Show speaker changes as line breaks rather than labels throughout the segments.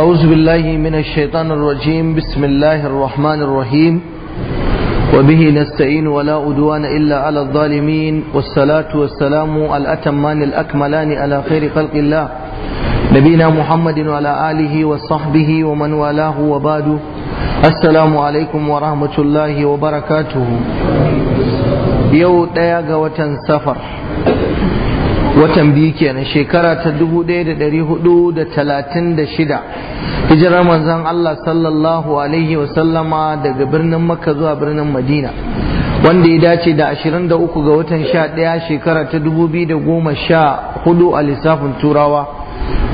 أعوذ بالله من الشيطان الرجيم بسم الله الرحمن الرحيم وبه نستعين ولا أدوان إلا على الظالمين والصلاة والسلام الأتمان الأكملان على خير خلق الله نبينا محمد وعلى آله وصحبه ومن والاه وبعد السلام عليكم ورحمة الله وبركاته يو دياغ وتن سفر watan biyu kenan shekara ta dubu ɗaya da ɗari hudu da talatin da shida hijirar manzon Allah sallallahu alaihi wasallama daga birnin makka zuwa birnin madina wanda ya dace da 23 ga watan 11 shekara ta 2014 a lissafin turawa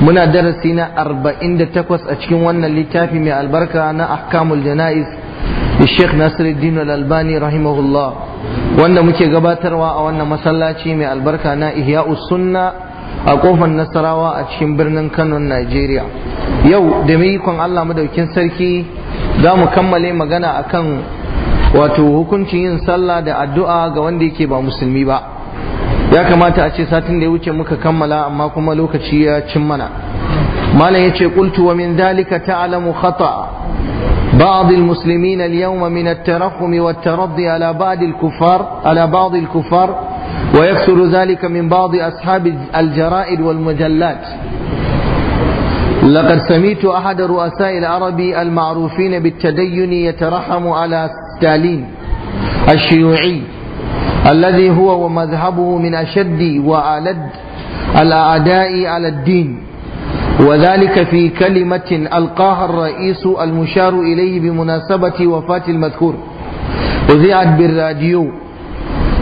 muna darasi na 48 a cikin wannan littafi mai albarka na ahkamul Da Sheikh Nasiruddin Al-Albani rahimahullah wanda muke gabatarwa a wannan masallaci mai albarka na Ihya'us Sunna a kofar nasarawa a cikin birnin kano nigeria yau da ikon allah madaukin sarki za mu kammale magana akan wato hukuncin yin sallah da addu'a ga wanda yake ba musulmi ba ya kamata a ce satin da ya wuce muka kammala amma kuma lokaci ya cin mana malam yace kultu wa min dhalika ta'lamu khata بعض المسلمين اليوم من الترحم والترضي على بعض الكفار على بعض الكفار ويكثر ذلك من بعض أصحاب الجرائد والمجلات
لقد سمعت
أحد رؤساء العرب المعروفين بالتدين يترحم على ستالين الشيوعي الذي هو ومذهبه من أشد وألد الأعداء على الدين وذلك في كلمة ألقاها الرئيس المشار إليه بمناسبة وفاة المذكور أذيعت بالراديو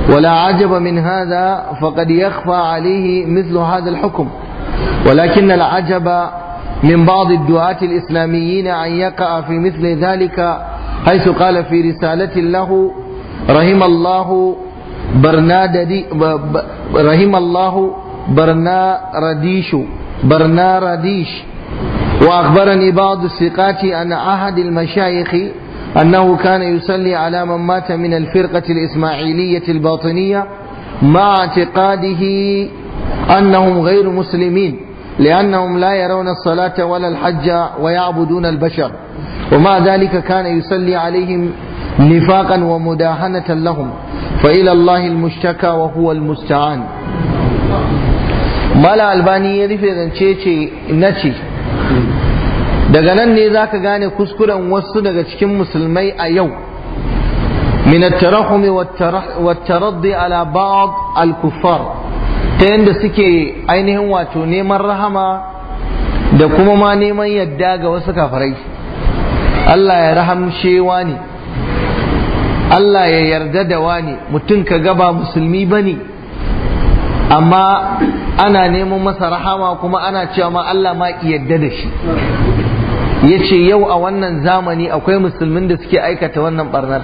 ولا عجب من هذا فقد يخفى عليه مثل هذا الحكم ولكن العجب من بعض الدعاة الإسلاميين أن يقع في مثل ذلك حيث قال في رسالة له رحم الله برناددي رحم الله برنارديش برناراديش وأخبرني بعض الثقات أن أحد المشايخ أنه كان يصلي على من مات من الفرقة الإسماعيلية الباطنية مع اعتقاده أنهم غير مسلمين لأنهم لا يرون الصلاة ولا الحج ويعبدون البشر ومع ذلك كان يصلي عليهم نفاقا ومداهنة لهم فإلى الله المشتكى وهو المستعان مالا الباني يرفض أن تشيشي نتشي daga nan ne za ka gane kuskuren wasu daga cikin musulmai a yau min at-tarahum wa taraddi ala ba'd al-kuffar ta yadda suke ainihin wato neman rahama da kuma ma neman yadda ga wasu kafirai Allah ya rahamshe wani Allah ya yarda da wani mutum ka gaba musulmi bane amma ana neman masa rahama kuma ana cewa ma Allah ma yarda da shi ya ce yau a wannan zamani akwai musulmin da suke aikata wannan barnar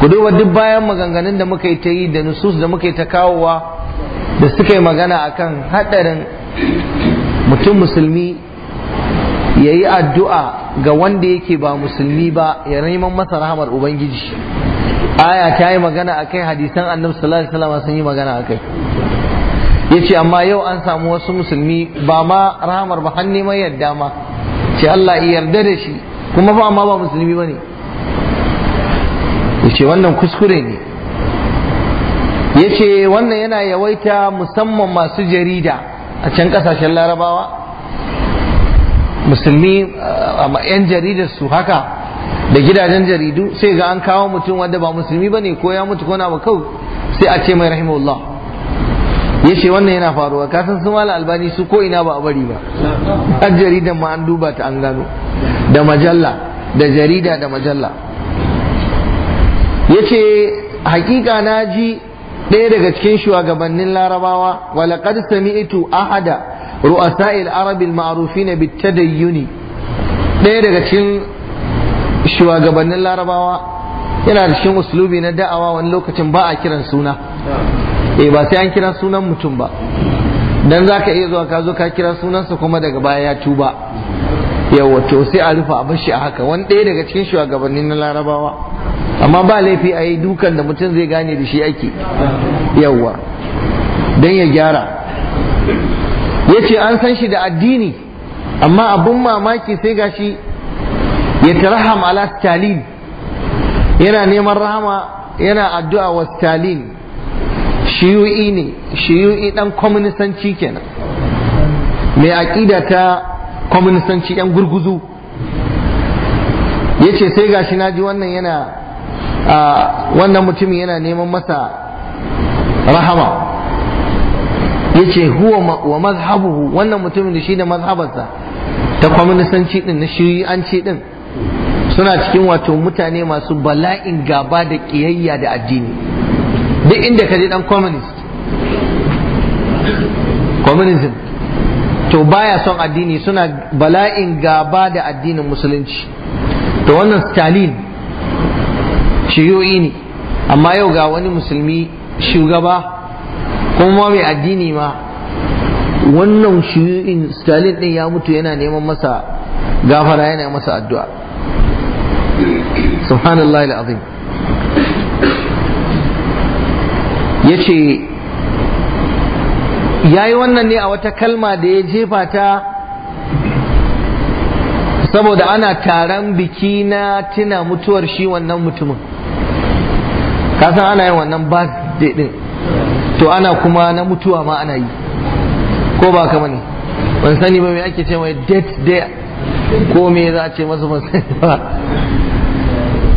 ku duba duk bayan maganganun da muka yi ta yi da nusus da muka yi ta kawowa da suka yi magana a kan haɗarin mutum musulmi ya yi addu'a ga wanda yake ba musulmi ba ya neman masa rahamar ubangiji aya ta yi magana a kai hadisan annabi sallallahu alaihi sun yi magana a akai yace amma yau an samu wasu musulmi ba ma rahamar ba har neman yadda ma ce Allah ya yarda da shi kuma ba ma ba musulmi ba ne ya wannan kuskure ne ya ce wannan yana yawaita musamman masu jarida a can kasashen larabawa musulmi a 'yan jaridar su haka da gidajen jaridu sai ga an kawo mutum wanda ba musulmi ba ne ko ya mutu ko na ba kawai sai a ce mai rahimahullah ya ce wannan yana faruwa kasan su mala albani su ko ina ba a bari ba a jaridan ma an duba ta an gano da majalla da jarida da majalla ya ce hakika na ji ɗaya daga cikin shugabannin larabawa walaƙad sami'tu ahada ru'asa'il arabil da yuni ɗaya daga cikin shugabannin larabawa yana da cikin uslubi na da'awa wani lokacin ba a kiran suna eh ba sai an kira sunan mutum ba dan zaka iya zuwa ka zo ka kira sunansa kuma daga baya ya tuba yawa to sai a rufa a bashi a haka wani ɗaya daga cikin shugabanni na larabawa amma ba laifi a yi dukan da mutum zai gane da shi ake yawa don ya gyara ya ce an san shi da addini amma abun mamaki sai gashi ya taraham ala stalin yana neman rahama yana addu'a wa stalin shiyu'i ne shiyu'i dan kwaminisanci kenan mai aƙida ta kwaminisanci yan gurguzu ya ce sai gashi na ji wannan yana wannan mutumin yana neman masa rahama ya ce huwa wa mazhabuhu wannan mutumin da shi da mazhabarsa ta kwaminisanci din na shiyu'anci ɗin suna cikin wato mutane masu bala'in gaba da ƙiyayya da addini duk inda ka je dan communist communism to baya son addini suna bala'in gaba da addinin musulunci to wannan stalin shiyoyi ne amma yau ga wani musulmi shugaba kuma mai addini ma wannan shiyoyin stalin din ya mutu yana neman masa gafara yana masa addu'a subhanallah al'azim ya ce ya yi wannan ne a wata kalma da ya jefa ta saboda ana taron biki na tuna mutuwar shi wannan mutumin kasan ana yin wannan ba din to ana kuma na mutuwa ma ana yi ko ba kama ne ban sani ba me ake ce mai date day ko me za a ce masa ban sani ba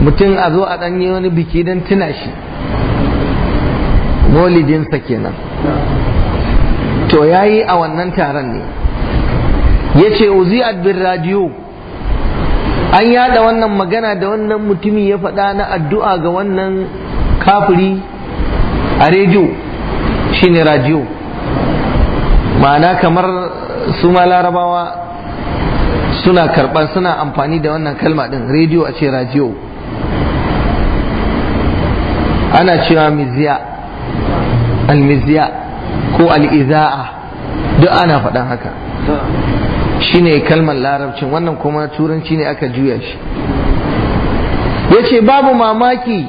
mutum a zo a ɗanye yi wani biki don tuna shi molidinsa kenan to ya yi a wannan taron ne ya ce uzi'at bin radiyo an yada wannan magana da wannan mutumi ya faɗa na addu'a ga wannan kafiri a rediyo shine radiyo ma'ana kamar su ma larabawa suna karɓar suna amfani da wannan kalma ɗin rediyo a ce radiyo ana cewa miziya almizya ko al'iza'a duk ana faɗan haka shine kalmar larabcin wannan kuma turanci ne aka juya shi ya ce babu mamaki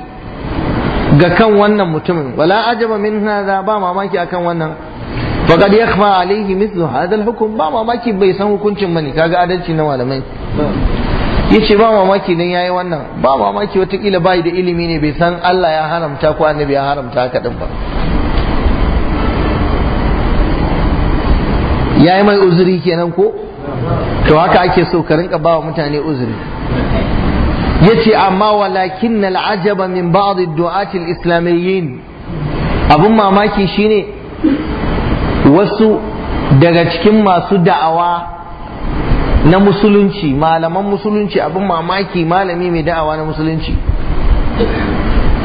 ga kan wannan mutumin wala ajaba min hada ba mamaki akan wannan faqad yakhfa alayhi mithlu hadha al-hukm ba mamaki bai san hukuncin mani, kaga adalci na malamai yace ba mamaki ya yayi wannan ba mamaki watakila bai da ilimi ne bai san Allah ya haramta ko annabi ya haramta haka din ba yayi mai uzuri kenan ko
to haka ake so
ka rinka ba wa mutane uzuri yace amma walakin al'ajaba min ba'd ad-du'at al-islamiyyin abin mamaki shine wasu daga cikin masu da'awa na musulunci malaman musulunci abin mamaki malami mai da'awa na musulunci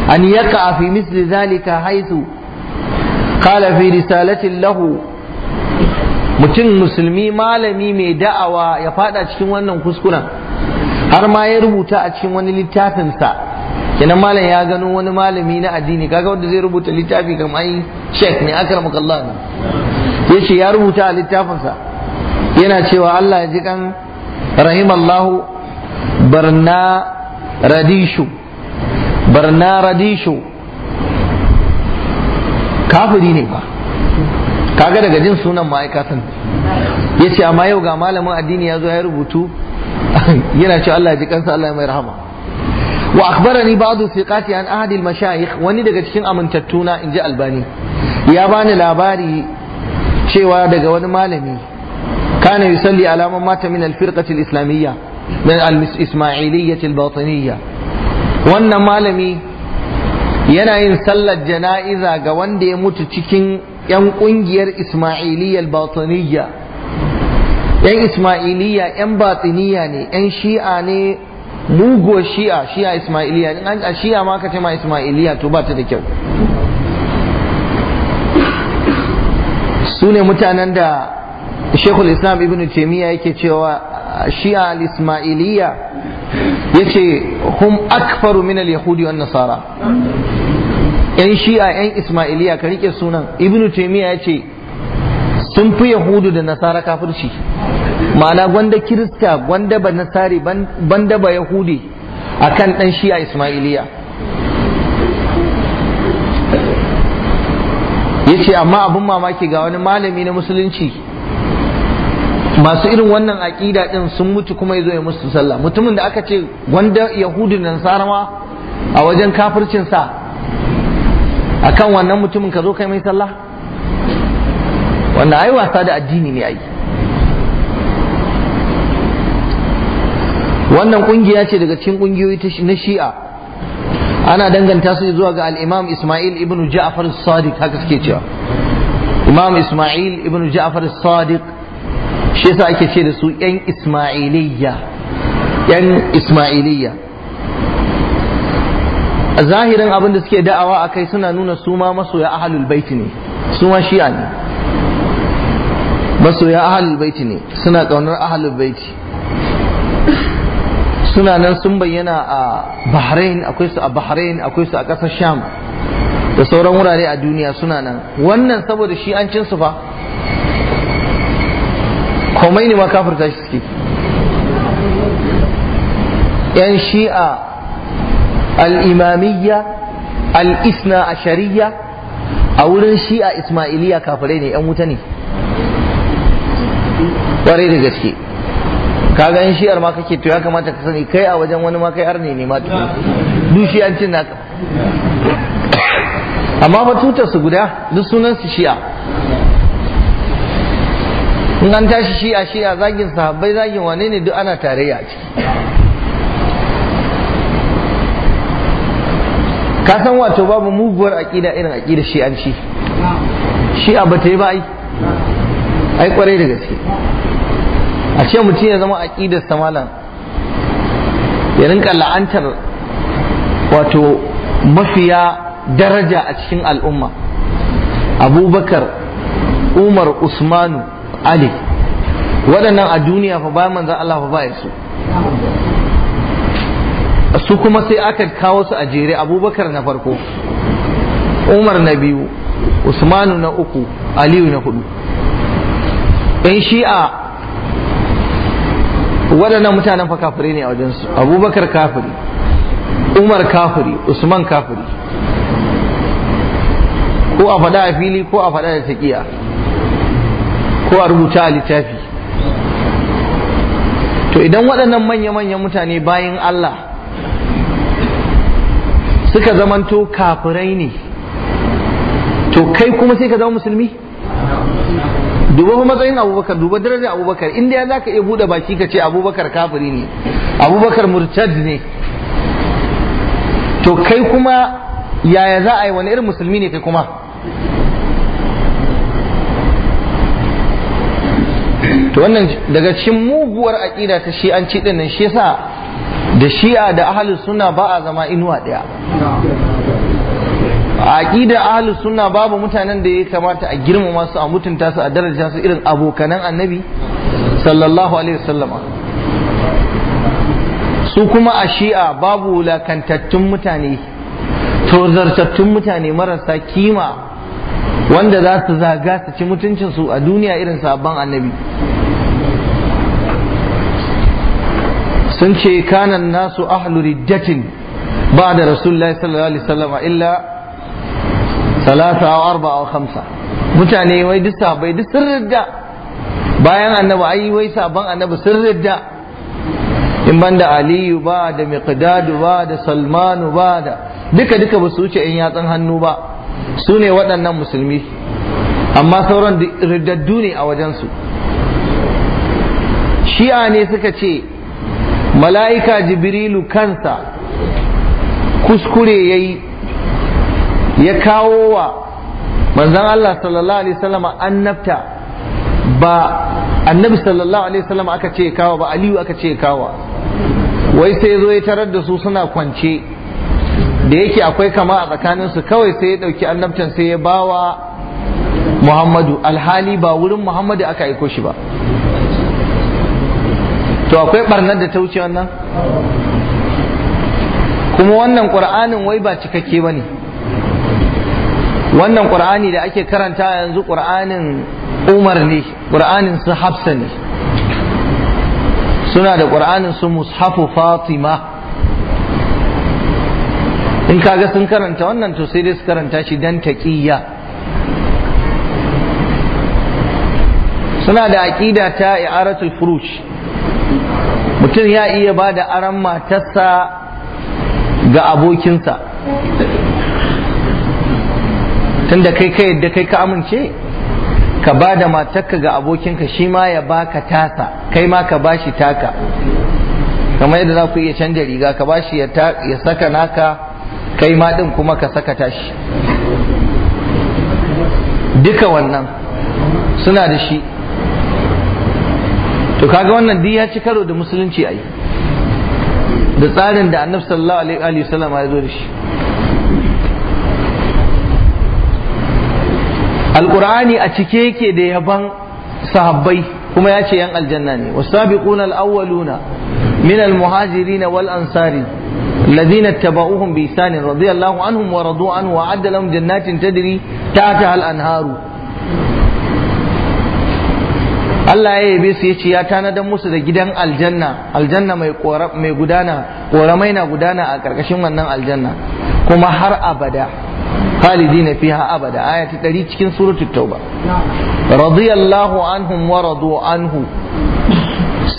an yaka fi misli zalika haitu kala fi risalatin lahu mutum musulmi malami mai da'awa ya fada cikin wannan kuskuren har ma ya rubuta a cikin wani littafinsa kenan malam ya gano wani malami na addini kaga wanda zai rubuta littafi kamar ai sheikh ne akramaka ne yace ya rubuta a littafinsa yana cewa Allah ya ji kan rahimallahu barna radishu barna radishu kafiri ne ba kaga daga jin sunan ma'aikatan ya ce amma yau ga malamin addini ya zo ya rubutu yana cewa Allah ya ji kansa Allah ya mai rahama wa akhbarani ba'du thiqati an ahad al mashayikh wani daga cikin amintattuna inji albani ya bani labari cewa daga wani malami kana yusalli ala man mata min islamiyya min al-ismailiyya wannan malami yana yin sallar jana'iza ga wanda ya mutu cikin yan kungiyar ismailiyya al yan isma'iliya yan batsiniya ne yan shi'a ne mugo shi'a shi'a ismailiyya in an shi'a ma ka ce ma ismailiyya to ba da kyau Sune mutanen da shekul islam ibn ya yake cewa shi'a al-ismailiyya yace hum akfaru yahudi wan nasara yan shi'a yan Isma'iliya ka rike sunan ibn taimiyya yace sun fi yahudu da nasara kafin kafirci ma'ana gwanda kirista gwanda ba nasari banda ba yahudi akan dan shi'a ismailiyya yace amma abin mamaki ga wani malami na musulunci masu irin wannan aƙida ɗin sun mutu kuma ya zo ya musu sallah mutumin da aka ce wanda yahudu nan sarama a wajen kafircinsa a kan wannan mutumin ka zo kai mai sallah wannan ai wasa da addini ne ai wannan kungiya ce daga cikin kungiyoyi na shi'a ana danganta su zuwa ga al-imam isma'il ibn ja'far as-sadiq haka suke cewa imam isma'il ibn ja'far as-sadiq shi yasa ake ce da su yan ismailiyya yan ismailiyya a zahirin abin da suke da'awa a kai suna nuna su ma masoya ahalul baiti ne su ma shi'a ne masoya ahalul baiti ne suna ƙaunar ahalul baiti suna nan sun bayyana a bahrain akwai su a bahrain akwai su a ƙasar sham da sauran wurare a duniya suna nan wannan saboda shi'ancin su fa komai ne ma kafirta shi suke yan shi'a al'imamiyya al'isna a shari'a a wurin shi'a ismailiya kafirai ne yan wuta ne ƙwarai da gaske kaga yan shi'ar ma kake to ya kamata ka sani kai a wajen wani ma kai arne ne ma tuku an cin naka amma fa tutar su guda duk sunan su shi'a in an tashi shi'a a zagin sahabbai zagin wane ne duk ana tarayya a ciki ka san wato babu muguwar aƙida irin aƙida shi shi ba ta yi ba ai ai kwarai da gaske a ce mutum ya zama aƙidar samalan ya rinka la'antar wato mafiya daraja a cikin al'umma abubakar umar usmanu ali waɗannan a duniya fa bayan manzan Allah fa baya su su kuma sai aka kawo su a jere abubakar na farko umar na biyu usmanu na uku aliyu na hudu in shi'a waɗannan mutanen fa kafiri ne a wajensu abubakar kafiri umar kafiri usman kafiri ko a faɗa a fili ko a faɗa da taƙiya ko a rubuta a littafi to idan waɗannan manya-manyan mutane bayan Allah suka zamanto kafirai ne to kai kuma sai ka zama musulmi duba kuma matsayin abubakar duba darajar abubakar inda ya za ka iya buɗe baki ka ce abubakar kafiri ne abubakar murtad ne to kai kuma yaya za a yi wani irin musulmi ne kai kuma to wannan daga cikin muguwar aƙida ta shi shi'anci din nan shi yasa
da shi'a da
ahlus sunna ba a zama inuwa ɗaya aqida aƙida ahlus sunna babu mutanen da ya kamata a girmama su a mutunta su a daraja su irin abokanan annabi sallallahu alaihi wasallama su kuma a shi'a babu wulakantattun mutane tozartattun mutane marasa kima wanda za su zaga su ci mutuncinsu a duniya irin sabon annabi sun ce kanan nasu ahlu riddatin ba da rasulullahi sallallahu alaihi wasallam illa salasa aw arba wa khamsa mutane wai duk sahabbai duk sun ridda bayan annabi ai wai sabon annabi sun ridda in banda aliyu ba da miqdadu ba da salmanu ba da duka duka ba su wuce in yatsan hannu ba su ne waɗannan musulmi amma sauran riddaddu ne a wajensu shi'a ne suka ce mala'ika jibrilu kansa kuskure ya yi ya kawo wa manzan Allah sallallahu alaihi wasallam annabta ba annabi sallallahu alaihi wasallam aka ce kawo ba aliyu aka ce kawo wai sai zo ya tarar da su suna kwance da yake akwai kama a tsakaninsu kawai sai ya ɗauki annabtan sai ya bawa muhammadu alhali ba wurin muhammadu aka aiko shi ba to akwai barnar da ta wuce wannan kuma wannan ƙur'anin wai ba cikakke ba ne wannan ƙur'ani da ake karanta yanzu ƙur'anin umar ne ƙur'anin su hafsa ne suna da ƙur'anin su mushafu fatima in kaga sun karanta wannan to sai dai su karanta shi dan taqiyya suna da aƙida ta i'aratul furuj mutum ya iya ba da aran matarsa ga abokinsa tun da kai ka yadda kai ka amince ka ba da matarka ga abokinka shi ma ya baka tasa kai ma ka bashi taka kamar yadda za ku iya canja riga ka bashi ya saka naka kai ma din kuma ka saka tashi duka wannan suna da shi to kaga wannan duk ya ci karo da musulunci ayi. da tsarin da annabi sallallahu alaihi sallam ya zo da shi alqur'ani a cike yake da yaban sahabbai kuma ya ce yan aljanna ne wasabiquna alawwaluna min almuhajirin wal ansari الذين اتبعوهم بإحسان رضي الله عنهم ورضوا عنه وأعد لهم جنات تجري تحتها الأنهار Allah ya yabe su ce ya tanadar musu da gidan aljanna aljanna mai mai gudana ƙoramai na gudana a ƙarƙashin wannan aljanna kuma har abada khalidina fiha abada aya ta cikin suratul tauba radiyallahu anhum wa radu anhu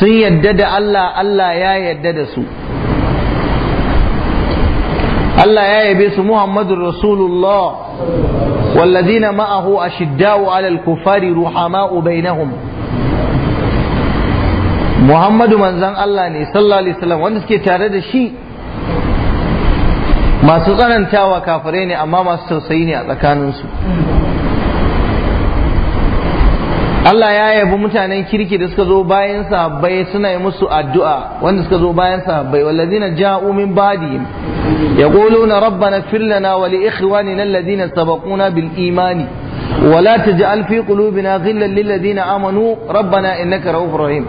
sun yadda da Allah Allah ya yadda da su Allah ya yabe su Muhammadur Rasulullah والذين معه أشداء على الكفار رحماء بينهم muhammadu manzan Allah ne sallallahu alaihi wasallam wanda suke tare da shi masu tsanantawa kafirai ne amma masu tausayi ne a tsakaninsu Allah ya yabi mutanen kirki da suka zo bayan sahabbai suna yi musu addu'a wanda suka zo bayan sahabbai wallazina ja'u min ba'dihim yaquluna rabbana ighfir lana wa li ikhwanina alladhina sabaquna bil imani ولا تجعل في قلوبنا غلا للذين Amanu, ربنا إنك رؤوف رحيم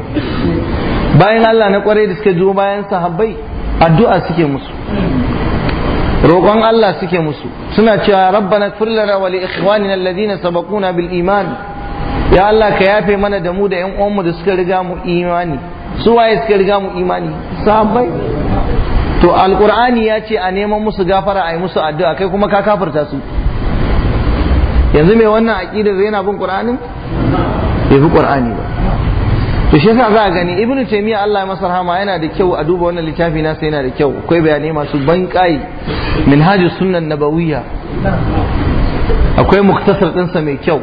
bayan Allah na kwarai da suka zo bayan sahabbai addu'a suke musu roƙon Allah suke musu suna cewa rabbana ighfir lana wa li ikhwanina alladhina sabaquna bil imani. ya Allah ka yafe mana da mu da ƴan uwanmu da suka riga mu imani su waye suka riga mu imani sahabbai to Alƙur'ani ya ce a neman musu gafara a yi musu addu'a kai kuma ka kafarta su yanzu mai wannan aqidar yana bin qur'anin bai bi qur'ani ba to shi yasa za a gani ibnu taymiya Allah ya masa rahama yana da kyau a duba wannan littafi nasa yana da kyau akwai bayanai masu ban kai minhajus sunnan nabawiyya
akwai muktasar
sa mai kyau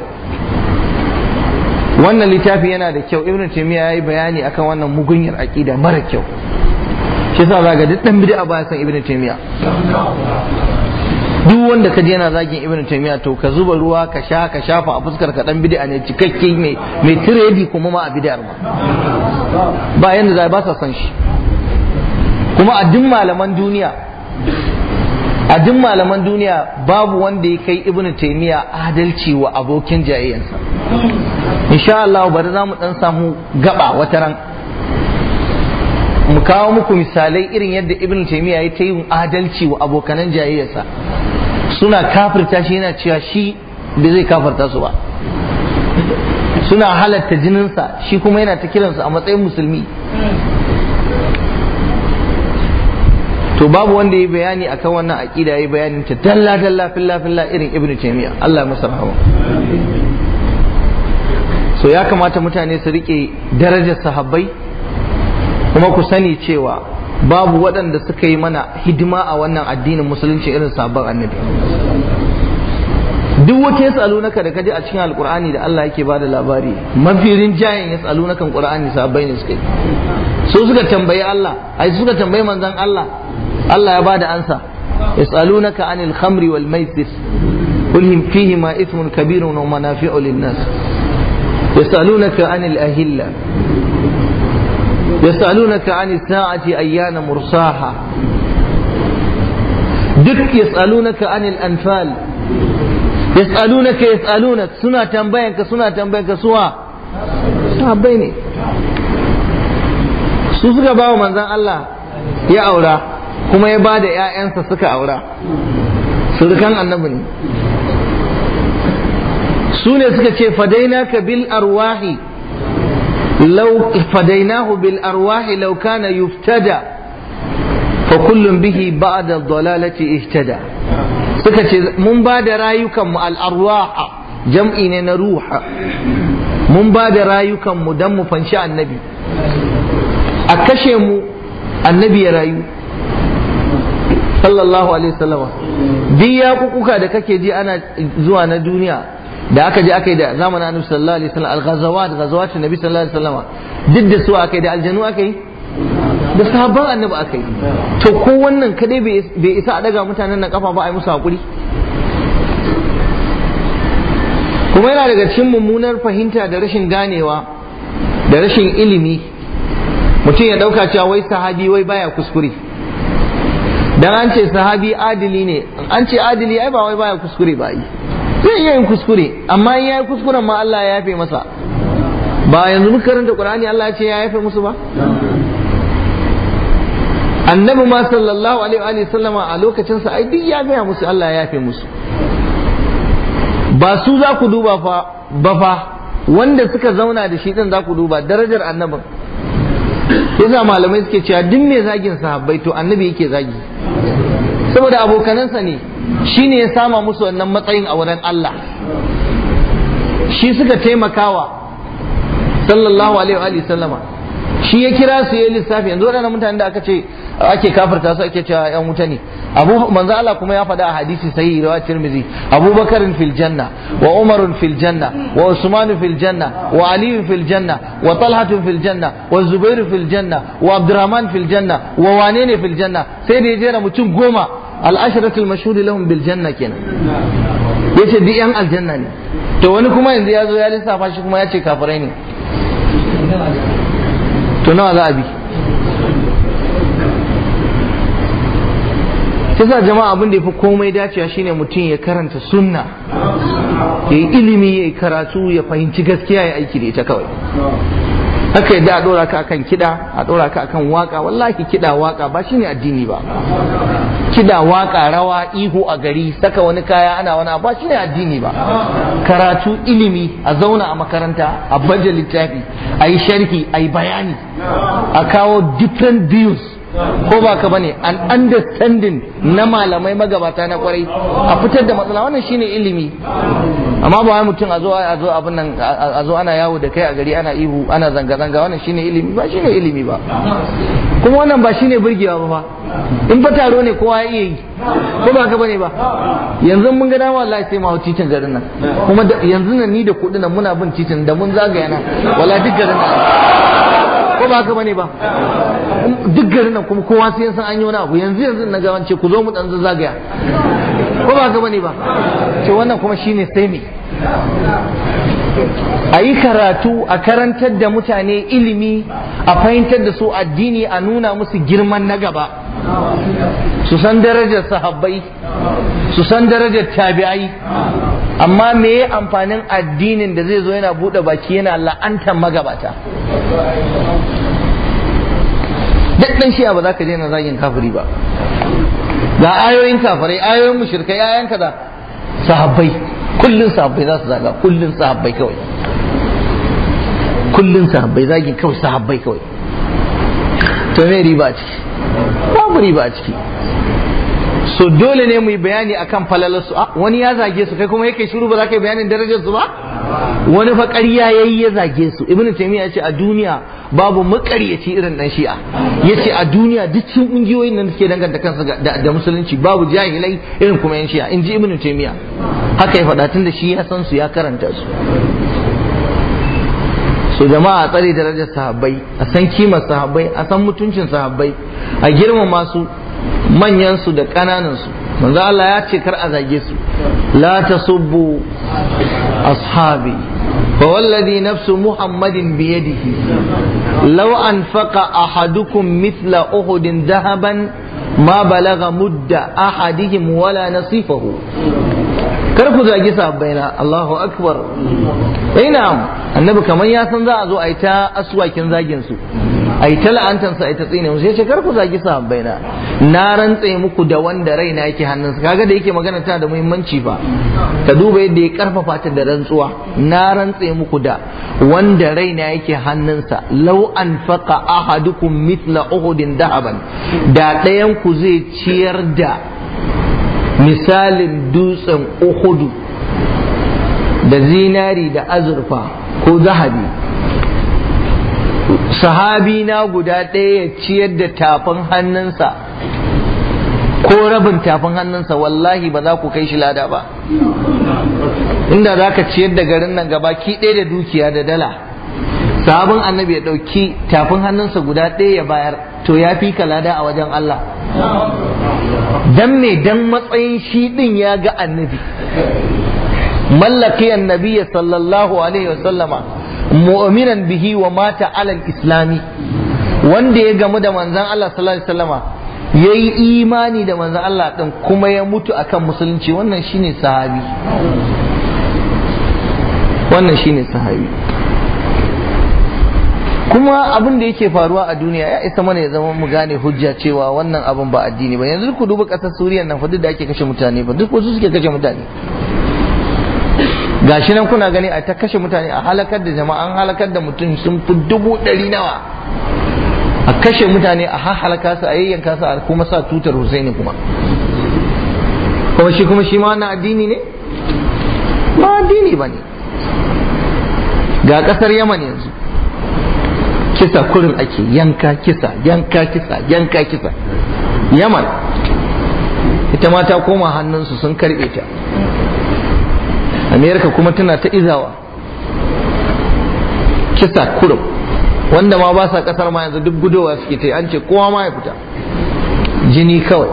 wannan littafi yana da kyau ibnu taymiya yayi bayani akan wannan mugunyar aqida mara kyau shi yasa za ga duk dan bid'a ba san ibnu taymiya duk wanda ka je yana zagin ibn taymiya to ka zuba ruwa ka sha ka shafa a fuskar ka dan bid'a ne cikakke ne mai tiredi kuma ma a bid'ar ma ba yanda zai ba sa san shi kuma a duk malaman duniya a duk malaman duniya babu wanda ya kai ibn taymiya adalci wa abokin jayayyansa insha Allah bari za mu dan samu gaba ran. mu kawo muku misalai irin yadda ibn taymiya ya ta yin adalci wa abokanan jayayyarsa suna kafirta shi yana cewa shi bai zai kafirta su ba suna halatta jininsa shi kuma yana ta kiransu a matsayin musulmi to babu wanda ya bayani akan wannan aqida ya bayani ta dalla dalla filla filla irin ibnu taymiya Allah masa rahama so ya kamata mutane su rike darajar sahabbai kuma ku sani cewa babu waɗanda suka yi mana hidima a wannan addinin musulunci irin sabon annabi duk wata yas'alunaka da kaji a cikin alkur'ani da Allah yake bada labari mafi rinjayen ya qur'ani sahabbai ne suka yi su suka tambayi Allah ai suka tambayi manzon Allah Allah ya bada ansa yas'alunaka anil khamri wal maisir qul fihima ithmun kabirun wa manafi'u lin nas yas'alunaka anil ahilla yas'alunaka anis sa'ati ayyana mursaha duk yas'alunaka anil anfal yas'alunaka yas'alunak suna tambayanka suna tambayanka suwa sahabbai ne su suka ba wa manzan Allah ya aura kuma ya ba da ‘ya'yansa suka aura
surukan annabi
ne su ne suka ce fadaina ka bil arwahi لو فديناه بالأرواح لو كان يفتدى فكل به بعد الضلالة اهتدى سكت من بعد رايكم الأرواح جمعنا نروح من بعد رايكم دم فانشاء النبي أكشم النبي رايو sallallahu alaihi wasallama duk ya kukuka da kake ji ana zuwa na duniya da aka je aka yi da zamanin annabi sallallahu alaihi wasallam al-ghazawat ghazawat annabi sallallahu alaihi wasallam duk da su aka yi da aljanu aka yi da sahabban annabi aka yi to ko wannan kadai bai isa a daga mutanen nan kafa ba a yi musu hakuri kuma yana daga cikin mummunar fahimta da rashin ganewa da rashin ilimi mutum ya dauka cewa wai sahabi wai baya kuskure dan an ce sahabi adili ne an ce adili ai ba wai baya kuskure ba yi zai iya yin kuskure amma in ya yi kuskuren ma Allah ya yafe masa ba yanzu muka karanta Qur'ani Allah ya ce ya yafe musu ba annabi ma sallallahu alaihi wa sallama a lokacin sa ai duk ya gaya musu Allah ya yafe musu ba su za ku duba fa ba fa wanda suka zauna da shi din za ku duba darajar annabin yasa malamai suke cewa duk mai zagin sahabbai to annabi yake zagi saboda abokanansa ne shi ne ya sama musu wannan matsayin a wurin Allah shi suka taimakawa sallallahu alaihi sallama shi ya kira su yi lissafi yanzu waɗannan mutanen da aka ce ake kafarta su ake cewa yan wuta ne abu manzo Allah kuma ya faɗa a hadisi sahihi riwaya Tirmidhi Abubakar fil janna wa Umar fil janna wa Usman fil janna wa Ali fil janna wa Talhatu fil janna wa Zubair fil janna wa Abdurrahman fil janna wa wane ne fil janna sai da ya jera mutum goma al'ashiratul mashhuri lahum bil janna kenan yace duk yan aljanna ne to wani kuma yanzu ya zo ya lissafa shi kuma ya ce kafirai ne to nawa za a bi sa jama'a abin da ya fi komai dacewa shine mutum ya karanta sunna ya yi ilimi ya yi karatu ya fahimci gaskiya ya aiki da ita kawai aka yadda a ɗora ka akan kida a ɗora ka akan waka wallahi kiɗa waka ba shine addini ba kiɗa waƙa rawa ihu a gari saka wani kaya ana wani ba shine addini ba karatu ilimi a zauna a makaranta a baje littafi a yi sharhi a yi bayani a kawo different views ko ba ka bane an understanding na malamai magabata na kwarai a fitar da matsala wannan shine ilimi amma ba wai mutum a zo a zo abin nan a zo ana yawo da kai a gari ana ihu ana zanga zanga wannan shine ilimi ba shine ilimi ba kuma wannan ba shine burgewa ba in ba taro ne kowa ya iya yi ko ba ka bane ba yanzu mun ga dama wallahi sai mu titin garin nan kuma yanzu nan ni da kuɗi nan muna bin titin da mun zagaya nan wallahi duk garin nan ko ba ka bane ba duk garin nan kuma kowa sai san an yi wani abu yanzu yanzu na gaban ce ku zo mu dan zagaya ko ba ka bane ba ce wannan kuma shine sai me a yi karatu a karantar da mutane ilimi a fahimtar da su addini a nuna musu girman na gaba su san darajar sahabbai su san darajar tabi'ai amma me ya amfanin addinin da zai zo yana buɗe baki yana la'antar magabata duk ɗan shiya ba za ka daina zagin kafiri ba ga ayoyin kafirai ayoyin mushirkai ayoyin kaza sahabbai kullun sahabbai za su zaga kullun sahabbai kawai kullun sahabbai zagin kawai sahabbai kawai to me riba ce babu ba a ciki so dole ne muyi bayani akan falalarsu ah, wani ya zage su kai kuma yake shiru ba za ka yi bayanin darajar su ba wani fa ƙarya yayi ya zage su ibnu taymiya ce a duniya babu makaryaci irin dan shi'a yace a duniya duk cikin kungiyoyin nan suke danganta kansu da musulunci babu jahilai irin kuma yan shi'a inji ibnu taymiya haka ya faɗa tun da shi ya san su ya karanta su su jama'a a tsare darajar sahabbai a san kimar sahabbai a san mutuncin sahabbai a girmama su manyan da kananan su manzo Allah ya ce kar a zage su la tasubbu ashabi fa wallazi nafsu muhammadin bi yadihi law anfaqa ahadukum mithla uhudin dhahaban ma balaga mudda ahadihim wala nasifahu kar ku zagi na Allahu akbar ina eh, annabi kamar ya san za a zo a yi ta aswakin zagin su a yi ta la'antar a yi ta tsine musu ce kar ku zagi sahabbaina na rantse muku da wanda raina yake hannunsa kaga da yake magana ta da muhimmanci ba. ka duba yadda ya karfafa ta da rantsuwa na rantse muku da wanda raina yake hannunsa law anfaqa ahadukum mithla uhudin dahaban da ɗayan ku zai ciyar da misalin dutsen uhudu da zinari da azurfa ko zahabi sahabi na guda ɗaya ya ciyar da tafin hannunsa ko rabin tafin hannunsa wallahi ba za ku kai shi lada ba inda za ka ciyar da garin nan gaba ki ɗaya da dukiya da dala sahabin annabi ya ɗauki tafin hannunsa guda ɗaya ya bayar to ya fi ka lada a wajen Allah dan me dan matsayin shi din ya ga annabi mallaki annabi sallallahu alaihi wasallama mu'minan bihi wa mata alal islami wanda ya gamu da manzon Allah sallallahu alaihi wasallama ya yi imani da manzan Allah ɗin kuma ya mutu akan musulunci wannan shine sahabi wannan shine sahabi kuma abin da yake faruwa a duniya ya isa mana ya zama mu gane hujja cewa wannan abin ba addini ba yanzu ku duba ƙasar suriya nan fa duk da ake kashe mutane ba duk wasu suke kashe mutane gashi nan kuna gani a ta kashe mutane a halakar da jama'a an halakar da mutum sun fi dubu ɗari nawa a kashe mutane a halaka su a yayyanka su a kuma sa tutar husaini kuma kuma shi kuma shi ma na addini ne ba addini ba ne ga ƙasar yaman yanzu
kisa kurin
ake yanka kisa yanka kisa yanka kisa yaman ita ma ta koma hannunsu sun karbe ta amerika kuma tana ta izawa kisa kurin wanda ma ba sa kasar ma yanzu duk gudowa suke ta an ce kowa ma ya fita jini kawai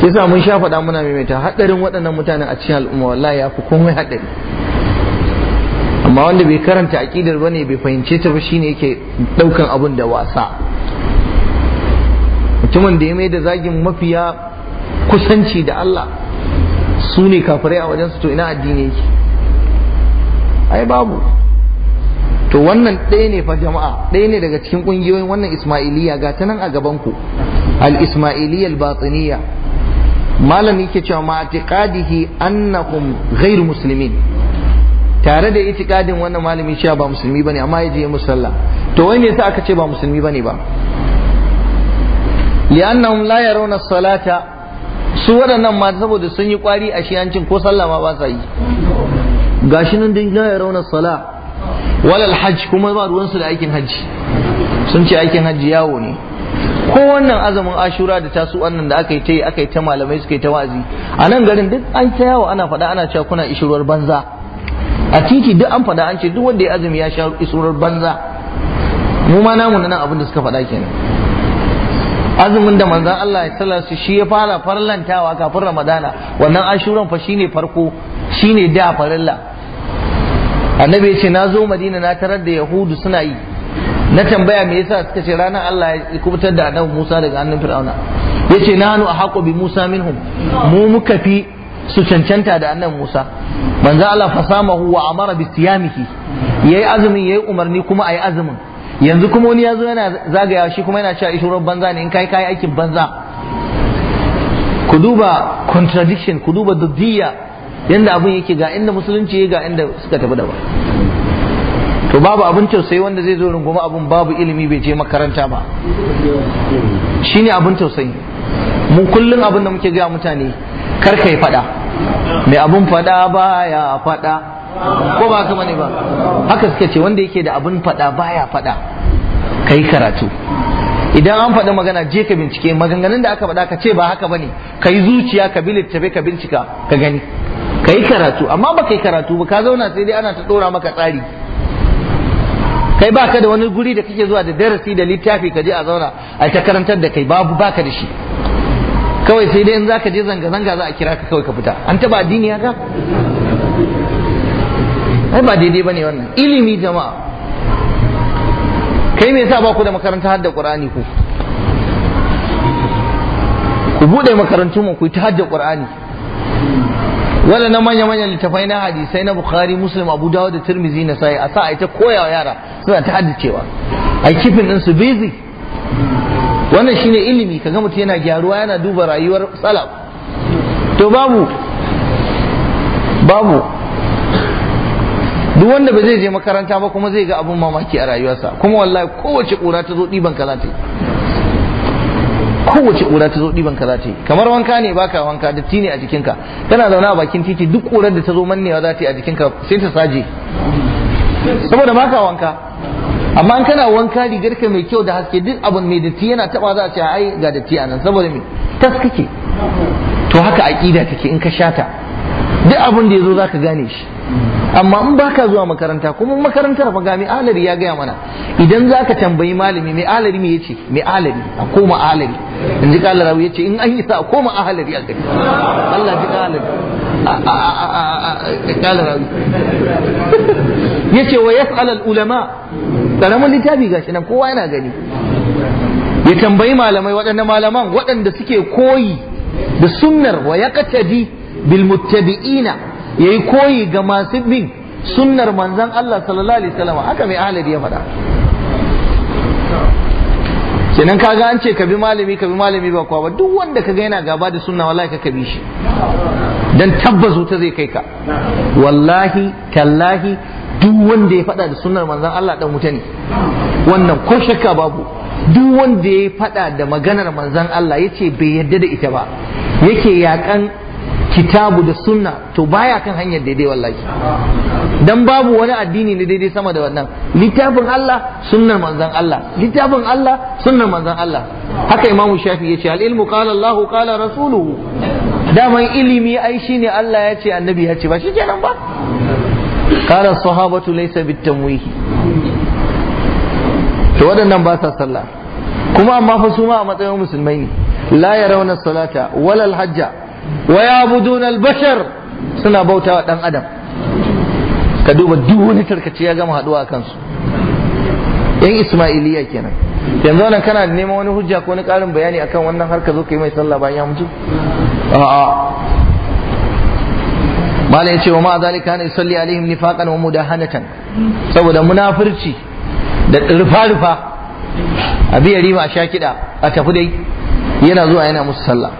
kisa mun sha faɗa muna maimaita haɗarin waɗannan mutane a cikin al'umma wallahi ya fi komai haɗari amma wanda bai karanta aqidar bane bai fahimce ta ba shine yake ɗaukan abun da wasa mutumin da ya mai da zagin mafiya kusanci da Allah su ne kafirai a su to ina addini yake ai babu to wannan ɗaya ne fa jama'a ɗaya ne daga cikin ƙungiyoyin wannan ismailiya ga ta nan a gabanku al-ismailiya al-batiniya malami yake cewa ma'atiqadihi annahum ghairu muslimin tare da itikadin wannan malami cewa ba musulmi bane amma ya yi musalla to wai me yasa aka ce ba musulmi bane ba li'annahum la yarawna salata su waɗannan ma saboda sun yi kwari a shiyancin ko sallah ma ba sa yi gashi nan din la yarawna sala wala alhajj kuma ba ruwan su da aikin hajji sun ce aikin hajji yawo ne ko wannan azumin ashura da tasu wannan da aka yi ta yi aka yi ta malamai suka yi ta wazi a nan garin duk an ta yawo ana faɗa ana cewa kuna ishirwar banza a titi duk an fada an ce duk wanda ya azumi ya sha isurar banza mu ma namu nan abin da suka fada kenan azumin da manzan Allah ya salasu shi ya fara farlantawa kafin ramadana wannan ashuran fa shine farko shine da farilla annabi ya ce na zo madina na tarar da yahudu suna yi na tambaya me yasa suka ce ranar Allah ya kubutar da annabi Musa daga hannun Fir'auna yace nanu ahaqu bi Musa minhum mu muka fi su cancanta da annabi Musa manzo Allah fasamahu wa amara bi siyamihi yayi azumin yayi umarni kuma ayi azumin yanzu kuma wani yazo yana zagayawa shi kuma yana cewa ishurar banza ne in kai kai aikin banza ku duba contradiction ku duba dudiya yanda abun yake ga inda musulunci ga inda suka tafi da ba to babu abin tausayi wanda zai zo runguma abun babu ilimi bai je makaranta ba shine abin tausayi mu kullum abun da muke ga mutane kar kai fada mai abun fada ba ya fada ko ba kama ne ba haka suka ce wanda yake da abun fada ba ya fada Ka yi karatu idan an faɗi magana je ka bincike maganganun da aka faɗa ka ce ba haka bane ka yi zuciya ka bi littafi ka bincika ka gani ka yi karatu amma ba ka yi karatu ba ka zauna sai dai ana ta ɗora maka tsari kai ba ka da wani guri da kake zuwa da darasi da littafi ka je a zauna a ta karantar da kai babu ka da shi kawai sai dai in zaka je zanga-zanga za a kira ka kawai ka fita an taba addini haka ai ba daidai bane wannan ilimi jama'a kai me yasa ba ku da makaranta hadda qur'ani ku ku bude makarantun mu ku ta hadda qur'ani wala na manya manya littafai na hadisai na bukhari muslim abu dawud da tirmizi na sai a sa a ta koyawa yara suna ta haddacewa ai kifin din su busy wannan shine ilimi kaga mutum yana gyaruwa yana duba rayuwar salaf to babu babu duk wanda ba zai je makaranta ba kuma zai ga abun mamaki a rayuwarsa kuma wallahi kowace ƙura ta zo ɗiban ka za ta yi kowace ƙura ta zo ɗiban ka za ta yi kamar wanka ne baka wanka datti ne a jikinka tana zaune a bakin titi duk ƙurar da ta zo mannewa za ta yi a jikinka sai ta saje saboda baka wanka amma in kana wanka rigar ka mai kyau da haske duk abun mai datti yana taba za a ce ai ga datti anan saboda me tas kake to haka aqida take in ka shata duk abun da yazo zaka gane shi amma in baka zuwa makaranta kuma makarantar fa ga mai alari ya gaya mana idan zaka tambayi malami mai alari me yace mai alari a koma alari in ji kallar rawi yace in an yi sa a koma alari a gari Allah ji kallar kallar ce wa ya al ulama karamin littafi gashi nan kowa yana gani ya tambayi malamai waɗanda malaman waɗanda suke koyi da sunnar wa yaqtadi bil muttabi'ina yayi koyi ga masu bin sunnar manzan Allah sallallahu alaihi wasallam haka mai ahladi ya faɗa kenan kaga an ce ka bi malami ka bi malami ba kwa ba duk wanda kaga yana gaba da sunna wallahi ka kabi shi dan tabbas wuta zai kai ka wallahi tallahi duk wanda ya faɗa da sunnar manzan Allah ɗan wuta ne wannan ko shakka babu duk wanda ya faɗa da maganar manzan Allah ya ce bai yarda da ita ba yake yakan kitabu da sunna to baya kan hanyar daidai wallahi dan babu wani addini ne daidai sama da wannan littafin Allah sunnar manzan Allah littafin Allah sunnar manzan Allah haka imamu shafi yace al ilmu qala Allah
qala rasuluhu
daman ilimi ai ne Allah ya ce annabi ya ce ba shi shikenan ba قال الصحابة ليس بالتمويه to waɗannan ba sa sallah kuma amma fa su a matsayin musulmai ne la yarawna salata wala hajja wa ya'buduna bashar suna bautawa dan adam ka duba duk wani tarkace ya gama haduwa kansu yan ismailiya kenan yanzu nan da neman wani hujja ko wani bayani akan wannan har ka zo ka yi mai sallah bayan ya mutu
a'a
malam yace wa ma zalika ne salli alaihim nifaqan wa mudahanatan saboda munafirci da rufa rufa a biya riba sha kida a tafi dai yana zuwa yana musu sallah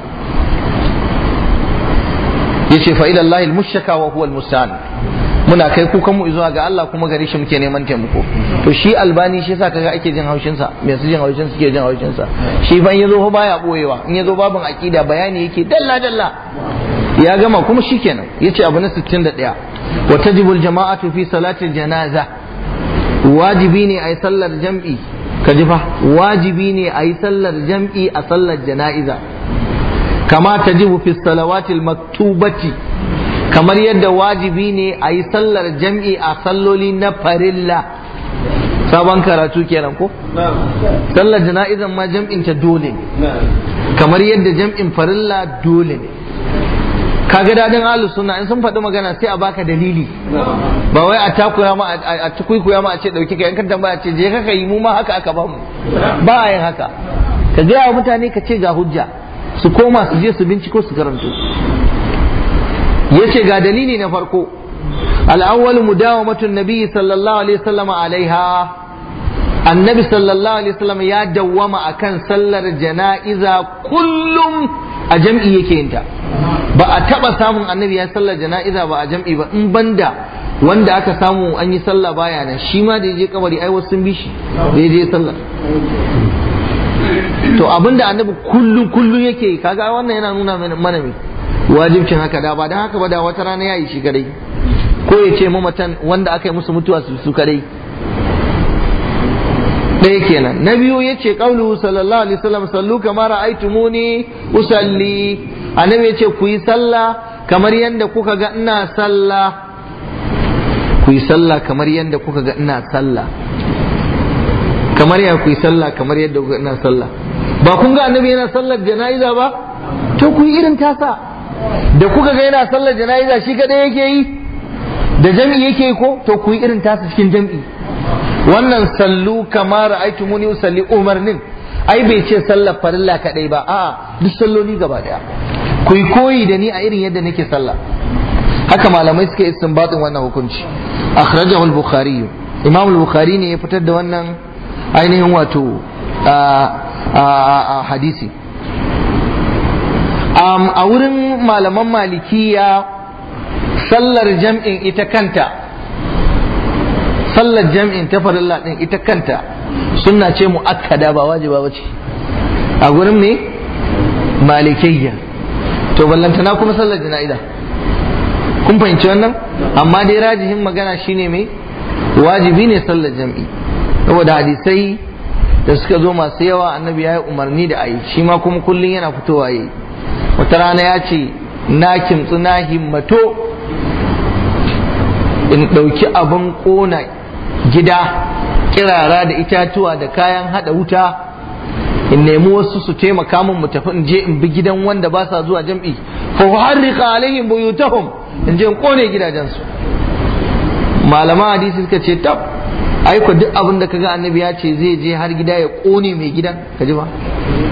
yace fa ila allahi almushaka wa huwa muna kai kukan mu zuwa ga Allah kuma gare shi muke neman taimako to shi albani shi yasa kaga ake jin haushin sa me su jin haushin suke jin haushin sa shi ban yazo ba baya boyewa in yazo babin aqida bayani yake dalla dalla ya gama kuma shikenan yace abu na 61 wa tajibul jama'atu fi salatil janaza wajibi ne ayi sallar jam'i ka ji fa wajibi ne ayi sallar jam'i a sallar jana'iza kama tajibu fi salawatil maktubati kamar yadda wajibi ne a yi sallar jam'i a salloli na farilla sabon karatu kenan ko? sallar jana'izan ma jam'in ta dole kamar yadda jam'in farilla dole ne kaga dadin ahlus sunna in sun faɗi magana sai a baka dalili ba wai a takura ma a tukuikuya ma a ce dauki ka yankan tambaya ce je kaka yi mu ma haka aka ba mu ba yin haka ka gaya wa mutane ka ce ga hujja su koma su je su binciko su karanto yace ga dalili na farko al mu dawa matun nabi sallallahu alaihi wasallam alaiha annabi sallallahu alaihi wasallam ya dawwama akan sallar jana'iza kullum a jam'i yake yinta ba a taba samun annabi ya sallar jana'iza ba a jam'i ba in banda wanda aka samu an yi sallah baya nan shi ma da je kabari ai sun bi shi da je sallah to abinda annabi kullum kullum yake yi kaga wannan yana nuna mana me wajibcin haka da ba dan haka ba da wata rana yayi shi kadai ko ya ce mamatan wanda aka yi musu mutuwa su kadai ɗaya kenan na biyu ya ce ƙaulu sallallahu alaihi wasallam sallu kamar ra'aytumuni usalli annabi ya ce ku yi sallah kamar yadda kuka ga ina sallah ku yi sallah kamar yadda kuka ga ina sallah kamar ya ku yi sallah kamar yadda kuka ina sallah ba kun ga annabi yana sallar jana'iza ba to ku yi irin tasa da kuka ga yana sallar jana'iza shi kadai yake yi da jam'i yake yi ko to ku yi irin tasa cikin jam'i wannan sallu kamar muni usalli umarnin ai bai ce sallar farilla kadai ba a'a duk salloli gaba daya ku yi koyi da ni a irin yadda nake sallah haka malamai suka istinbatin wannan hukunci akhrajahu al-bukhari imam al-bukhari ne ya fitar da wannan ainihin wato a hadisi a wurin malaman malikiya sallar jam'in ita kanta sallar jam'in ta farilla din ita kanta sunna ce mu'akkada ba wajiba ce a gurin me malikiyya to ballantana kuma sallar jana'iza kun fahimci wannan amma dai rajihin magana shine mai wajibi ne sallar jam'i saboda hadisai da suka zo masu yawa annabi ya yi umarni da ayi shi ma kuma kullun yana fitowa yi wata rana ya ce na kimtsu na himmato in ɗauki abin ƙona gida kirara da itatuwa da kayan haɗa wuta in nemi wasu su taimaka min mu tafi in je in bi gidan wanda ba sa zuwa jam'i fa harika alaihim buyutahum in je in kone gidajensu Malama hadisi suka ce tab aiko duk abin da kaga annabi ya ce zai je har gida ya kone mai gidan ka ji ba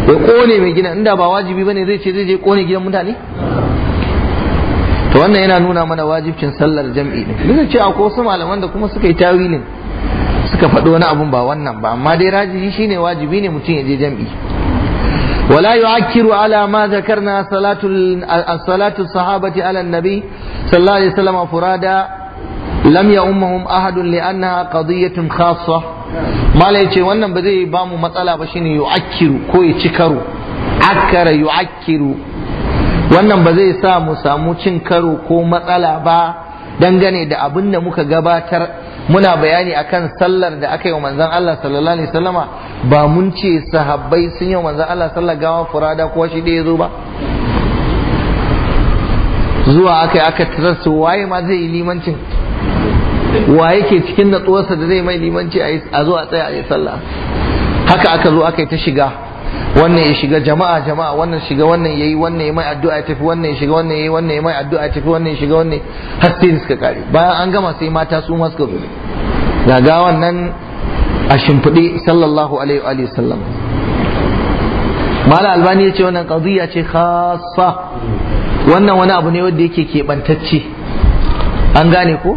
ya kone mai gidan inda ba wajibi bane zai ce zai je kone gidan mutane to wannan yana nuna mana wajibcin sallar jam'i din duk da cewa ko wasu malaman da kuma suka yi tawilin suka faɗo na abun ba wannan ba amma dai rajiji shine wajibi ne mutum ya je jami'i wala yu akiru ala ma na salatu sahabati ala nabi sallallahu alaihi wasallam a fura ahadun li'anna a kadiyyatun kaswa malaya ce wannan ba zai ba mu matsala ba shine yu akiru ko ya ci karo akara wannan ba zai sa mu samu cin karo ko matsala ba dangane da abin da muka gabatar muna bayani akan sallar da aka yi wa manzan Allah sallallahu alaihi wasallama ba mun ce sahabbai sun yi wa manzan Allah sallar gawa furada ko shi da yazo ba zuwa aka yi aka su waye ma zai yi limancin wa yake cikin natsuwarsa da zai mai limanci a zo a tsaya a yi sallah haka aka zo aka yi ta shiga wannan ya shiga jama'a jama'a wannan shiga wannan yayi wannan ya mai addu'a ya tafi wannan ya shiga wannan yayi wannan ya mai addu'a ya tafi wannan ya shiga wannan har sai suka kare bayan an gama sai mata su ma suka zo ga wannan a shimfiɗe sallallahu alaihi wa sallam mala albani ya ce wannan qadiyya ce khassa wannan wani abu ne wanda yake keɓantacce an gane ko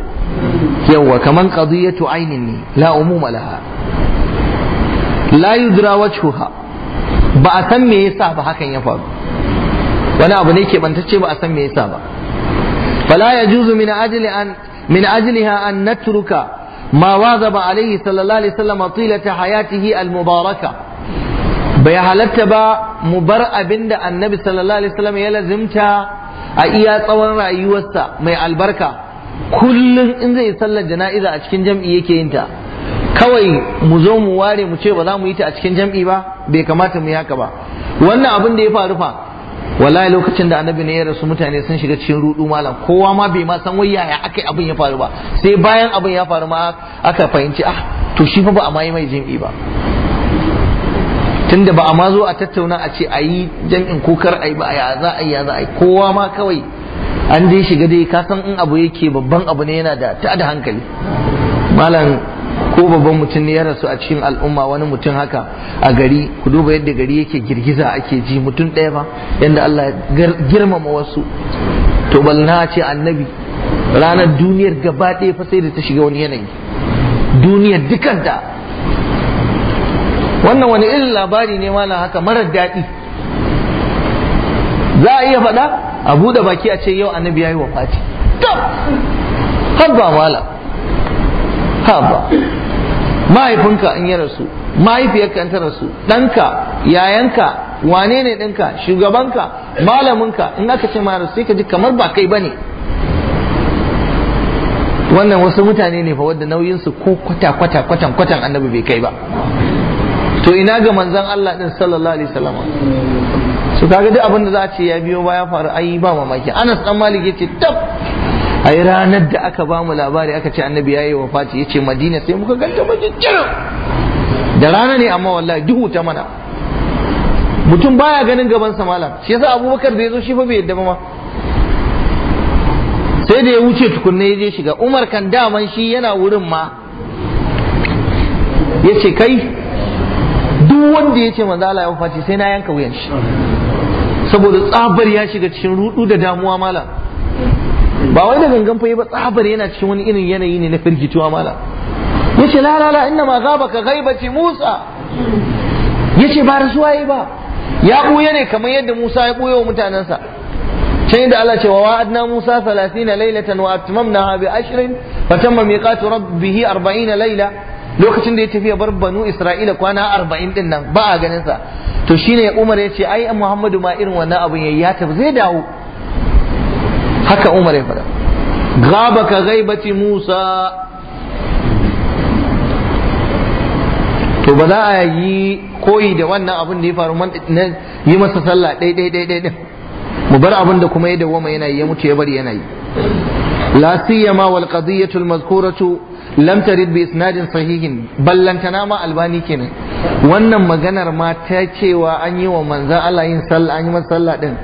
yawwa kaman qadiyatu ainin ne la umuma laha la yudra wajhuha ba a san me yasa ba hakan ya faru wani abu ne ke bantacce ba a san me yasa ba fala yajuzu min ajli an min ajliha an natruka ma wazaba alaihi sallallahu alaihi wasallam tilata hayatihi almubaraka bai halatta ba mu bar abinda annabi sallallahu alaihi wasallam ya lazimta a iya tsawon rayuwarsa mai albarka kullum in zai sallar jana'iza a cikin jam'i yake yin ta kawai mu zo mu ware mu ce ba za mu yi ta a cikin jam'i ba bai kamata mu yi haka ba wannan abin da ya faru fa wallahi lokacin da annabi ne ya rasu mutane sun shiga cikin rudu malam kowa ma bai ma san wai yaya akai abin ya faru ba sai bayan abin ya faru ma aka fahimci ah to shi fa ba a mai mai jam'i ba tunda ba a ma zo a tattauna a ce a yi jam'in kokar a yi ba a za a ya za a kowa ma kawai an je shiga dai ka san in abu yake babban abu ne yana da ta da hankali malam ko babban mutum ne ya rasu a cikin al'umma wani mutum haka a gari ku duba yadda gari yake girgiza ake ji mutum ɗaya ba yadda Allah girmama wasu to balna ce annabi ranar duniyar gaba ɗaya fa da ta shiga wani yanayi duniyar dukanta wannan wani irin labari ne mala haka marar daɗi za a iya faɗa a buɗe baki a ce yau annabi ya yi wa fati habba mala mahaifinka in yi rasu mahaifiyarka in ta rasu ɗanka yayanka wane ne ɗinka shugabanka malaminka in aka ce ma rasu sai ka ji kamar ba kai bane wannan wasu mutane ne fa wadda nauyinsu ko kwata kwata kwatan kwatan annabi bai kai ba to ina ga manzon Allah ɗin sallallahu alaihi wasallam su kaga duk abin za a ce ya biyo baya faru ayi ba mamaki Anas dan Malik yace tab Ayi ranar da aka ba mu labari aka ce annabi yayi wafati yace madina sai muka ganta majijjira da rana ne amma wallahi duhu ta mana mutum baya ganin gaban sa malam shi yasa abubakar da zo shi fa bai yadda ba ma sai da ya wuce tukunna ya je shiga umar kan daman shi yana wurin ma ya ce kai duk wanda ya ce manzo Allah ya wafaci sai na yanka wuyan shi saboda tsabar ya shiga cikin rudu da damuwa malam ba wai da gangan fa ba tsabar yana cikin wani irin yanayi ne na firgituwa mala yace la la la inna ma ghaba ka ghaibati Musa yace ba rasuwa yi ba ya buya ne kamar yadda Musa ya buya wa sa. sai da Allah ce wa wa'adna Musa 30 laylatan wa atmamnaha bi ashrin fa tamma miqatu rabbih 40 layla lokacin da ya tafi ya bar banu Isra'ila kwana 40 din nan ba a ganin sa to shine Umar ya ce ai Muhammadu ma irin wannan abun yayi ya tafi zai dawo haka umar ya faɗa gaba ka gaibaci musa to ba za a yi koyi da wannan abin da ya faru yi masa sallah ɗaiɗaiɗaiɗai mu bar abin da kuma ya da yana yanayi ya mutu ya bari yanayi. yi la siyama wal qadiyatu al mazkuratu lam tarid bi isnadin sahihin ballantana ma albani kenan wannan maganar ma ta cewa an yi wa manzo Allah yin sallah an yi masa sallah din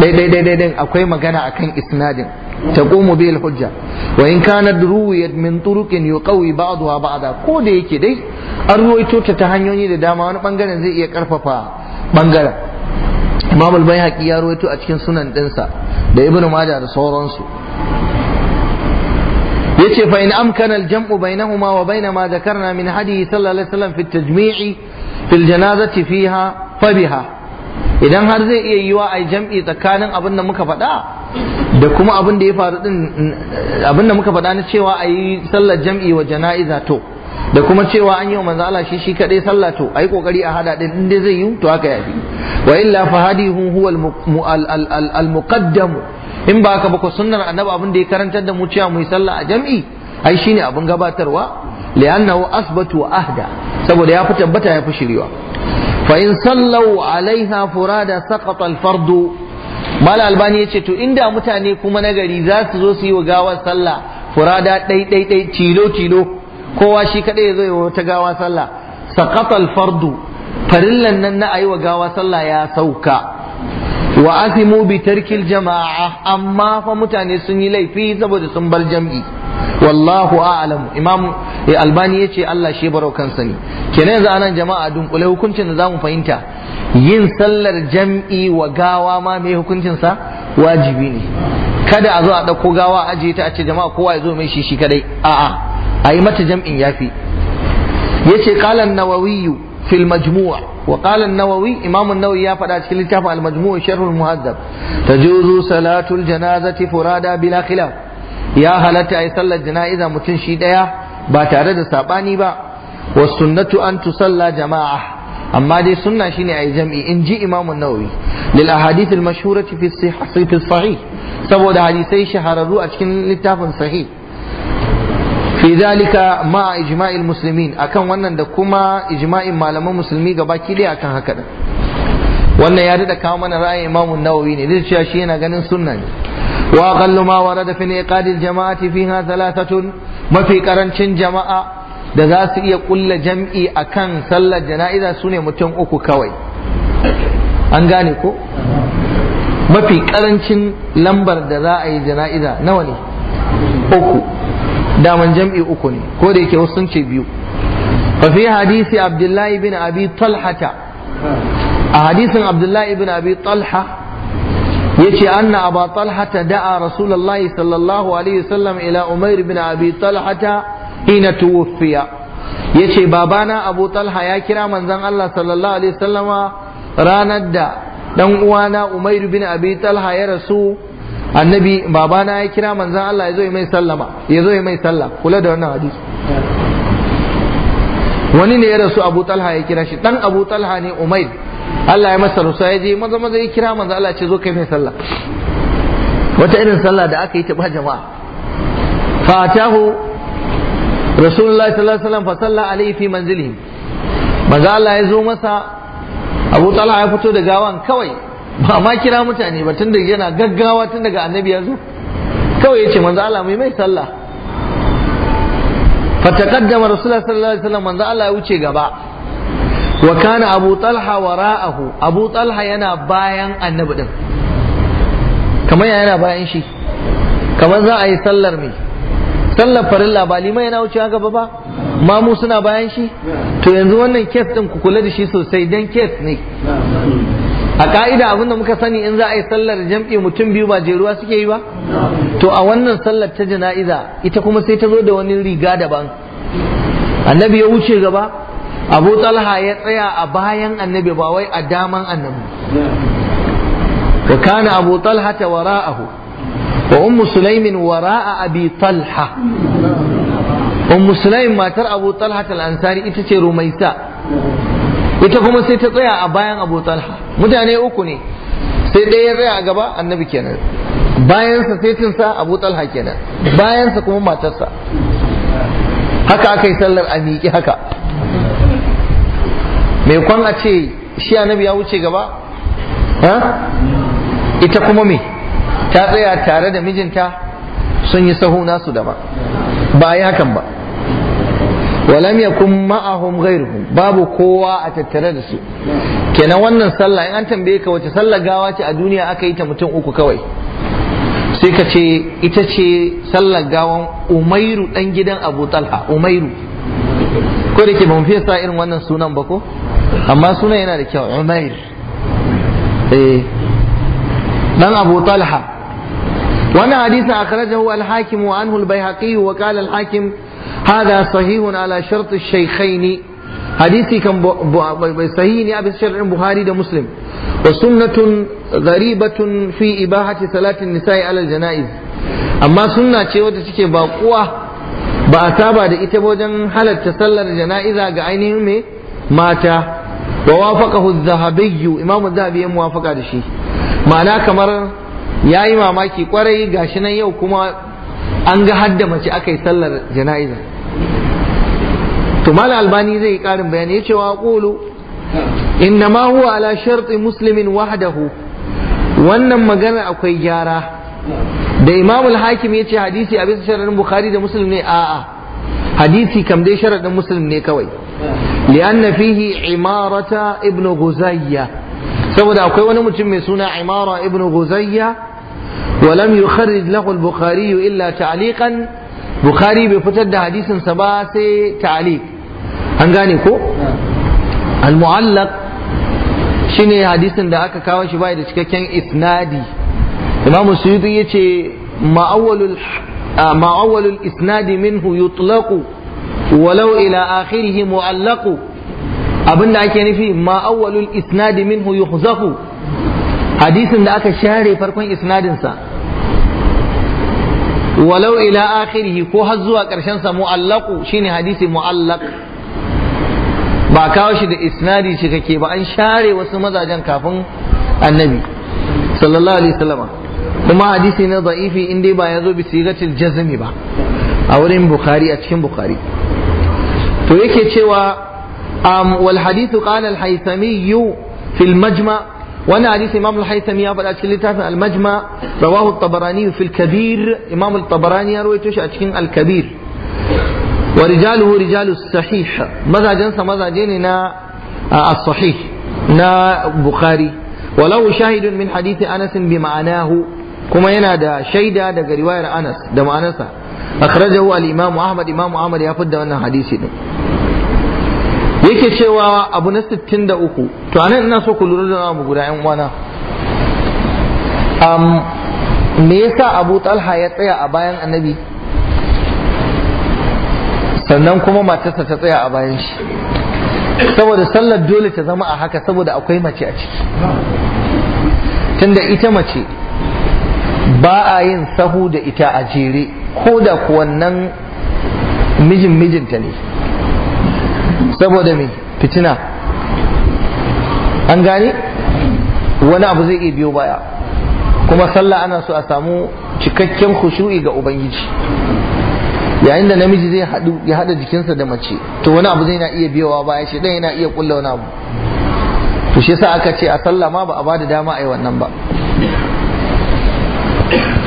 daidai akwai magana akan isnadin taqumu bil hujja wa in kanat ruwiyat min yuqawi ba'daha ba'da ko da yake dai an ruwaito ta ta hanyoyi da dama wani bangaren zai iya karfafa bangaren imam al-baihaqi ya ruwaito a cikin sunan dinsa da ibnu majah da sauransu yace fa in amkana al-jam'u bainahuma wa baina ma dhakarna min hadihi sallallahu alaihi wasallam fi at-tajmi'i fi al-janazati fiha fabiha idan har zai iya yiwa a jam'i tsakanin abin da muka faɗa da kuma abin da ya faru din abin da muka faɗa na cewa a yi sallar jam'i wa jana'iza to da kuma cewa an yi wa manzo Allah shi shi kadai sallah to ayi kokari a hada din inda zai yi to haka yafi wa illa fahadihu huwa al muqaddam in ba haka ba sunnar annabi abin da ya karantar da mu cewa mu yi sallah a jam'i ai shine abin gabatarwa li'annahu asbatu wa ahda saboda ya fi tabbata ya fi shiriwa fa in sallau alaiha furada saqata al-fardu mal albani yace to inda mutane kuma nagari za su zo su yi wa gawar sallah furada dai dai dai tilo tilo kowa shi ya zai ya wata gawa sallah saqata al-fardu farillan nan na ayi wa gawa sallah ya sauka wa athimu bi tarkil jama'a amma fa mutane sun yi laifi saboda sun bar jam'i wallahu a'lam imam eh, albani yace Allah shi barau kansa ne kenan yanzu anan jama'a dunkule hukuncin da zamu fahimta yin sallar jam'i wa gawa ma mai hukuncin sa wajibi ne kada a zo a dauko gawa ajiye ta a ce jama'a kowa ya zo mai shi shi kadai a'a a yi mata jam'in yafi yace qala an-nawawi في المجموع وقال النووي إمام النووي يا فدا cikin littafin المجموع شرح المهذب تجوز salatul janazati furada bila khilaf ya halatta ayi sallar jana'iza mutum shi daya ba tare da saɓani ba wa sunnatu an tu salla jama'a amma dai sunna shine ayi jam'i in ji imamu nawawi lil ahadith al mashhurati fi sahih sahih saboda hadisai shahararru a cikin littafin sahih fi zalika ma ijma'il muslimin akan wannan da kuma ijma'in malaman musulmi gabaki ɗaya akan haka da. wannan ya dada kawo mana ra'ayin imamu nawawi ne zai cewa shi yana ganin sunna ne وأقل ما ورد في انعقاد الجماعة فيها ثلاثة ما في كرنشن جماعة da za su iya kulla jam'i a kan sallar jana'iza su ne mutum uku kawai an gane ko mafi ƙarancin lambar da za a yi jana'iza nawa ne uku daman jam'i uku ne ko da yake wasu sun ce biyu fa fi hadisi abdullahi bin abi talhata a hadisin abdullahi bin abi talha yace anna aba talhata da'a rasulullahi sallallahu alaihi wasallam ila umair bin abi talhata hina tuwfiya yace babana abu talha ya kira manzon Allah sallallahu alaihi wasallama ranar da dan uwana umair bin abi talha ya rasu annabi babana ya kira manzon Allah yazo mai sallama yazo mai sallah kula da wannan hadisi wani ne ya rasu abu talha ya kira shi dan abu talha ne umair Allah ya masa rusa ya je maza maza ya kira manzo Allah ce zo kai mai sallah wata irin sallah da aka yi ta ba jama'a fatahu rasulullahi sallallahu alaihi wasallam fa salla alaihi fi manzilihi maza Allah ya zo masa Abu Talha ya fito da gawan kawai ba ma kira mutane ba tun da yana gaggawa tun daga annabi ya zo kawai ya ce manzo Allah mai mai sallah taqaddama rasulullahi sallallahu alaihi wasallam manzo Allah ya wuce gaba wa kana abu talha wara'ahu abu talha yana bayan annabi din kamar yana bayan shi kamar za a yi sallar mai sallar farilla ba liman yana wuce gaba ba mamu suna bayan shi to yanzu wannan kes din ku kula da shi sosai dan kes ne a ka'ida abinda muka sani in za a yi sallar jam'i mutum biyu ba jeruwa suke yi ba to a wannan sallar ta jana'iza ita kuma sai ta zo da wani riga daban annabi ya wuce gaba abu talha ya tsaya a bayan annabi ba wai a daman annabi wa kana abu talha ta wara'ahu wa ummu sulaimin wara'a abi talha ummu sulaimin matar abu talha ta lansari ita ce rumaisa ita kuma sai ta tsaya a bayan abu talha mutane uku ne sai ɗaya ya tsaya a gaba annabi kenan bayansa sai tinsa abu talha kenan bayansa kuma matarsa haka aka yi sallar a miƙi haka mai kwan a ce shi annabi ya wuce gaba ita kuma me ta tsaya tare da mijinta sun yi sahu nasu da ba ba ya hakan ba walam yakun ma'ahum ghairuhum babu kowa a tattare da su kenan wannan sallah in an tambaye ka wace sallah gawa ce a duniya aka yi ta mutum uku kawai sai ka ce ita ce sallar gawan umairu dan gidan abu talha umairu ko da ke fiye sa irin wannan sunan ba ko amma suna yana da kyau umair eh dan abu talha wannan hadisi akhrajahu al-hakim wa anhu al wa qala al-hakim hada sahihun ala shart ash-shaykhain hadisi kan sahihi ne a bisa shar'in buhari da muslim wa sunnatun gharibatun fi ibahati salatin nisa'i ala al-janaiz amma sunna ce wadda take baƙuwa ba a saba da ita wajen halarta sallar jana'iza ga ainihin me mata wa wafaqahu adh-dhahabi imam adh-dhahabi ya muwafaqa da shi ma'ana kamar yayi mamaki kwarai gashi nan yau kuma an ga hadda mace aka sallar jana'iza to mal albani zai yi karin bayani yace wa qulu ma huwa ala sharti muslimin wahdahu wannan magana akwai gyara da imamul hakim ya ce hadisi a bisa sharaɗin bukhari da muslim ne a'a hadisi kam dai sharadin muslim ne kawai li'anna fihi imarata ibnu guzayya saboda akwai wani mutum mai suna imara ibnu guzayya ولم يخرج له البخاري إلا تعليقا بخاري بفتد حديث سبا سي تعليق هنغاني كو المعلق شيني حديث دا أكا كاوش باي دا شكاكين إسنادي إمام السيوطي يتي ما أول ما أول الإسناد منه يطلق walau ila akhirihi mu'allaqu abinda ake nufi ma awwalul isnadi minhu hadisin da aka share farkon isnadin walau ila akhirihi ko har zuwa karshen sa mu'allaqu shine hadisi mu'allaq ba kawo shi da isnadi shi kake ba an share wasu mazajen kafin annabi sallallahu alaihi wasallama kuma hadisi na za'ifi in dai ba ya zo bi sigatil jazmi ba a wurin bukhari a cikin bukhari to yake cewa um, wal hadithu qala al haythami fi al majma wannan hadisi imam al haythami ya faɗa cikin littafin al majma rawahu tabarani fi al kabir imam al tabarani ya rawaito shi a cikin al kabir wa rijaluhu rijalu sahih mazajensa mazaje ne na as sahih na bukhari walau shahidun min hadisi anas bi ma'anahu kuma yana da shaida daga riwayar anas da ma'anarsa akhrajahu al-imam ahmad imam ahmad ya fidda wannan hadisi din yake cewa abu na 63 to anan ina so ku lura da mu guda yan uwana am me yasa abu talha ya tsaya a bayan annabi sannan kuma matarsa ta tsaya a bayan shi saboda sallar dole ta zama a haka saboda akwai mace a ciki tunda ita mace ba a yin sahu da ita a jere ko da wannan mijin mijinta ne saboda mai fitina an gane wani abu zai iya biyo baya kuma sallah ana so a samu cikakken kushu'i ga ubangiji yayin da namiji zai hadu ya hada jikinsa da mace to wani abu zai na iya biyowa baya shi dan yana iya kulla wani abu to shi yasa aka ce a sallah ma ba a bada dama a yi wannan ba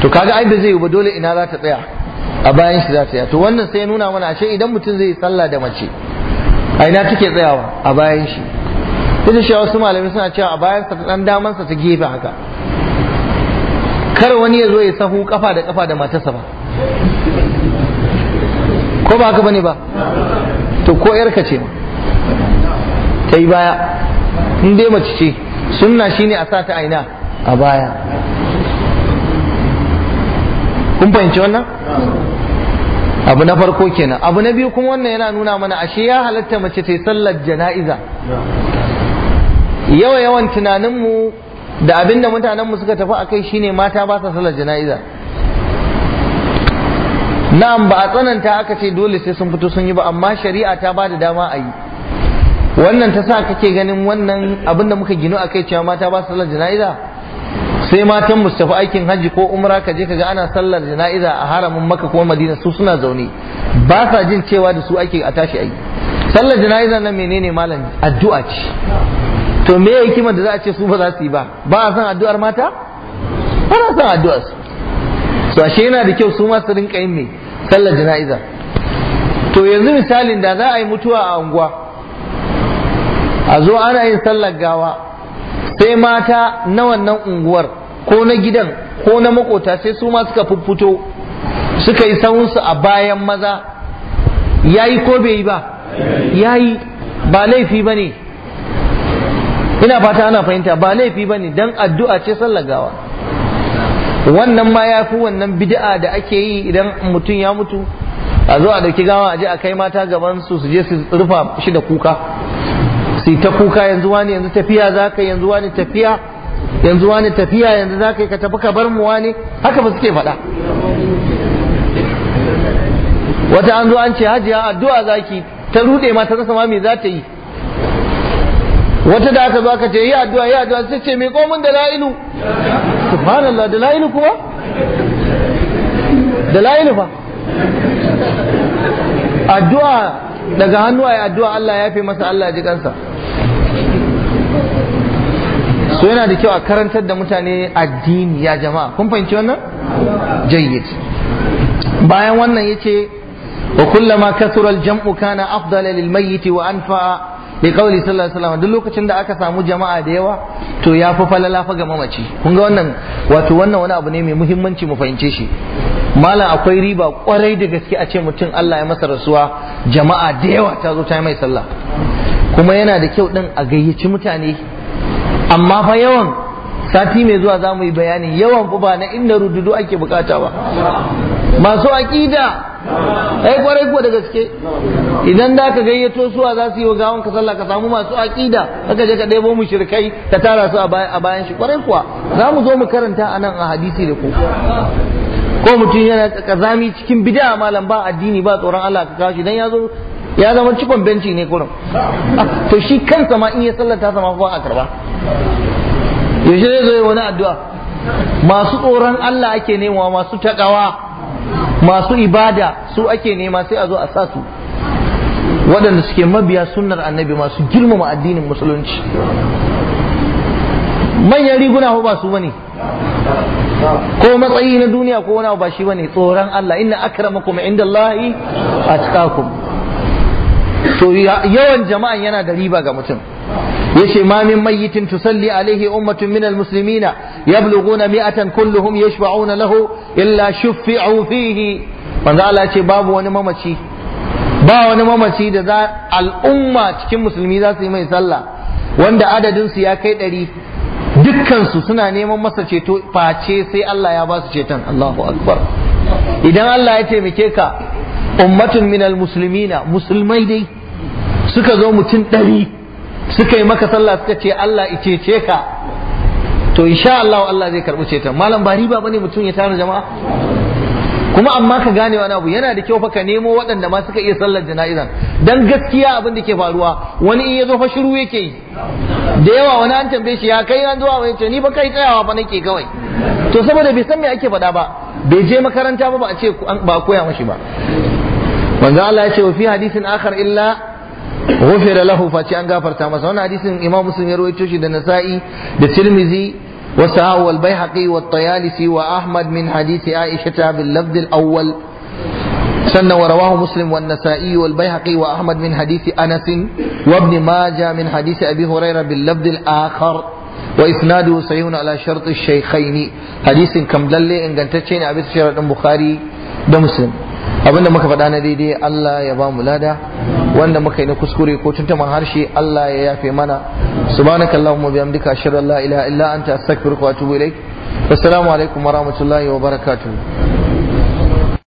to kaga ai ba zai yi ba dole ina za ta tsaya a bayan shi za ta to wannan sai nuna mana ashe idan mutum zai sallah da mace a ina take tsayawa a bayan shi da shi wasu malamai suna cewa a bayan sa dan daman sa ta gefe haka kar wani ya zo ya sahu kafa da kafa da matarsa ba ko ba haka bane ba to ko yarka ce ta yi baya in dai mace ce sunna shine a sa ta aina a
baya kun fahimci
wannan abu na farko kenan abu na biyu kuma wannan yana nuna mana ashe ya halatta mace ta yi sallar jana'iza yawa yawan tunaninmu da abinda mutanenmu suka tafi akai kai shine mata ba sa sallar jana'iza na'am ba a tsananta aka ce dole sai sun fito sun yi ba amma shari'a ta ba da dama a yi wannan ta sa kake ganin wannan abinda muka gino a kai cewa mata ba su sallar jana'iza sai matan mustafa aikin hajji ko umra ka je kaga ana sallar jana'iza a haramin maka ko madina su suna zaune ba sa jin cewa da su ake a tashi ayi sallar jana'iza nan menene malam addu'a ce to me ya kima da za a ce su ba za su yi ba ba a san addu'ar mata ba a san addu'ar su so ashe yana da kyau su ma su rinka yin me sallar jana'iza to yanzu misalin da za a yi mutuwa a unguwa a zo ana yin sallar gawa sai mata na wannan unguwar ko na gidan ko na makota sai su ma suka fito suka yi sahunsu a bayan maza ya yi ko bai yi ba ya yi ba laifi ba ne ina fata ana fahimta ba laifi ba ne don addu'a ce sallagawa wannan ma ya fi wannan bid'a da ake yi idan mutum ya mutu a zo a ɗauki gawa a je a kai mata gaban su su je su rufa shi da kuka su ta kuka yanzu wani yanzu tafiya za ka yanzu wani tafiya yanzu wani tafiya yanzu za ka yi ka tafi ka bar mu wani haka ba suke faɗa wata an zo an ce hajiya addu'a zaki ta rude ma ta rasa ma me za ta yi wata da aka zo aka ce yi addu'a yi addu'a sai ce me komun da la'ilu subhanallah da la'ilu kuma da la'ilu fa addu'a daga hannu ayi addu'a Allah ya fi masa Allah ji kansa to yana da kyau a karantar da mutane addini ya jama'a kun fahimci wannan jayyid bayan wannan yace wa kullama kathura al-jam'u kana afdal lil mayyit wa anfa bi qawli sallallahu alaihi wasallam duk lokacin da aka samu jama'a da yawa to yafi falala fa ga mamaci kun ga wannan wato wannan wani abu ne mai muhimmanci mu fahimce shi malam akwai riba kwarai da gaske a ce mutum Allah ya masa rasuwa jama'a da yawa ta zo ta yi mai sallah kuma yana da kyau din a gayyaci mutane amma fa yawan sati mai zuwa za mu yi bayani yawan fa ba na inda rududu ake bukata ba masu aƙida ai kwarai kuwa da gaske idan da ka gayyato suwa za su yi wa gawan ka sallah ka samu masu aƙida aka je ka ɗebo mu shirkai ka tara su a bayan shi kwarai kuwa za mu zo mu karanta a nan a hadisi da ku ko mutum yana kazami cikin bid'a malam ba addini ba tsoron Allah ka kawo shi ya zo ya zama cikon benci ne kurin to shi kansa ma in ya sallata sama ba a karba yaushe zai zo wani addu'a masu tsoron Allah ake nema masu takawa masu ibada su ake nema sai a zo a sa su waɗanda suke mabiya sunnar annabi masu girmama addinin musulunci manyan riguna ba su bane ko matsayi na duniya ko wani ba shi bane tsoron Allah inna akramakum indallahi atqakum to yawan jama'an yana da riba ga mutum yace ma min mayyitin tusalli alaihi ummatun minal muslimina yablughuna mi'atan kulluhum yashfa'una lahu illa shuffi'u fihi manzo Allah yace babu wani mamaci ba wani mamaci da za al'umma cikin musulmi za su yi mai sallah wanda adadin su ya kai ɗari dukkansu suna neman masa ceto face sai Allah ya ba su ceton Allahu akbar idan Allah ya taimake ka ummatun minal muslimina musulmai dai suka zo mutum ɗari suka yi maka sallah suka ce Allah icece ka to insha Allah Allah zai karɓi ceton malam ba riba bane mutum ya tara jama'a kuma amma ka gane wani abu yana da kyau fa ka nemo waɗanda ma suka iya sallar jana'izan dan gaskiya abin da ke faruwa wani in ya zo fa shiru yake yi da yawa wani an tambaye shi ya kai an zuwa wani ce ni ba kai tsayawa fa nake kawai to saboda bai san me ake faɗa ba bai je makaranta ba ba a ce ba koya mashi ba manzo Allah ya ce wa fi hadisin akar illa ghufira lahu fa ci an gafarta masa wannan hadisin imam muslim ya rawaito shi da nasa'i da tirmizi wa sa'u wal baihaqi wa at-tayalisi wa ahmad min hadisi aisha ta bil lafd al awwal sanna wa rawahu wa nasa'i wal baihaqi wa ahmad min hadisi anas wa ibn min hadisi abi hurairah bil lafd akhar wa isnadu sayyun ala shart al hadisin kam lalle ingantacce ne a bisa sharadin bukhari da muslim abinda muka faɗa na daidai Allah ya ba mu lada wanda muka yi na kuskure ko tuntuman harshe Allah ya yafe mana subhanaka allahumma bihamdika ashhadu an la ilaha illa anta astaghfiruka wa atubu ilaik assalamu alaikum wa rahmatullahi wa barakatuh